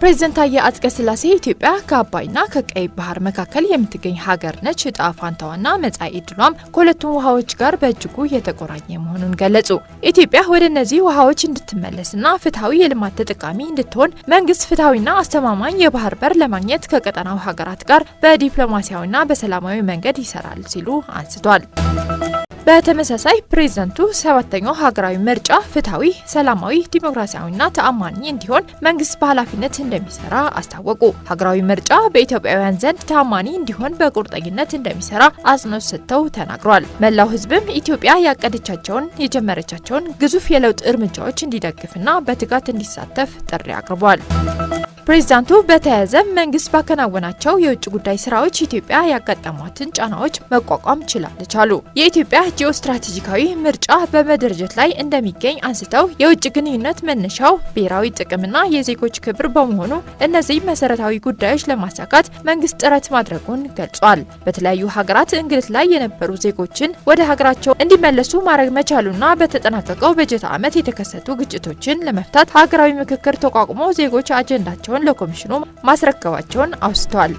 ፕሬዚደንት ታዬ አጽቀ ሥላሴ ኢትዮጵያ ከአባይና ከቀይ ባህር መካከል የምትገኝ ሀገር ነች። እጣ ፋንታዋና መጻኢ ዕድሏም ከሁለቱም ውሃዎች ጋር በእጅጉ የተቆራኘ መሆኑን ገለጹ። ኢትዮጵያ ወደ እነዚህ ውሃዎች እንድትመለስና ፍትሐዊ የልማት ተጠቃሚ እንድትሆን መንግስት ፍትሐዊና አስተማማኝ የባህር በር ለማግኘት ከቀጠናው ሀገራት ጋር በዲፕሎማሲያዊና በሰላማዊ መንገድ ይሰራል ሲሉ አንስቷል። በተመሳሳይ ፕሬዝደንቱ ሰባተኛው ሀገራዊ ምርጫ ፍትሐዊ፣ ሰላማዊ፣ ዲሞክራሲያዊና ተአማኒ እንዲሆን መንግስት በኃላፊነት እንደሚሰራ አስታወቁ። ሀገራዊ ምርጫ በኢትዮጵያውያን ዘንድ ተአማኒ እንዲሆን በቁርጠኝነት እንደሚሰራ አጽንኦት ሰጥተው ተናግሯል። መላው ህዝብም ኢትዮጵያ ያቀደቻቸውን የጀመረቻቸውን ግዙፍ የለውጥ እርምጃዎች እንዲደግፍና በትጋት እንዲሳተፍ ጥሪ አቅርቧል። ፕሬዚዳንቱ በተያያዘ መንግስት ባከናወናቸው የውጭ ጉዳይ ስራዎች ኢትዮጵያ ያጋጠሟትን ጫናዎች መቋቋም ችላለች አሉ። የኢትዮጵያ ጂኦ ስትራቴጂካዊ ምርጫ በመደረጀት ላይ እንደሚገኝ አንስተው የውጭ ግንኙነት መነሻው ብሔራዊ ጥቅምና የዜጎች ክብር በመሆኑ እነዚህ መሰረታዊ ጉዳዮች ለማሳካት መንግስት ጥረት ማድረጉን ገልጿል። በተለያዩ ሀገራት እንግልት ላይ የነበሩ ዜጎችን ወደ ሀገራቸው እንዲመለሱ ማድረግ መቻሉና በተጠናቀቀው በጀት ዓመት የተከሰቱ ግጭቶችን ለመፍታት ሀገራዊ ምክክር ተቋቁሞ ዜጎች አጀንዳቸውን ለኮሚሽኑ ማስረከባቸውን አውስተዋል።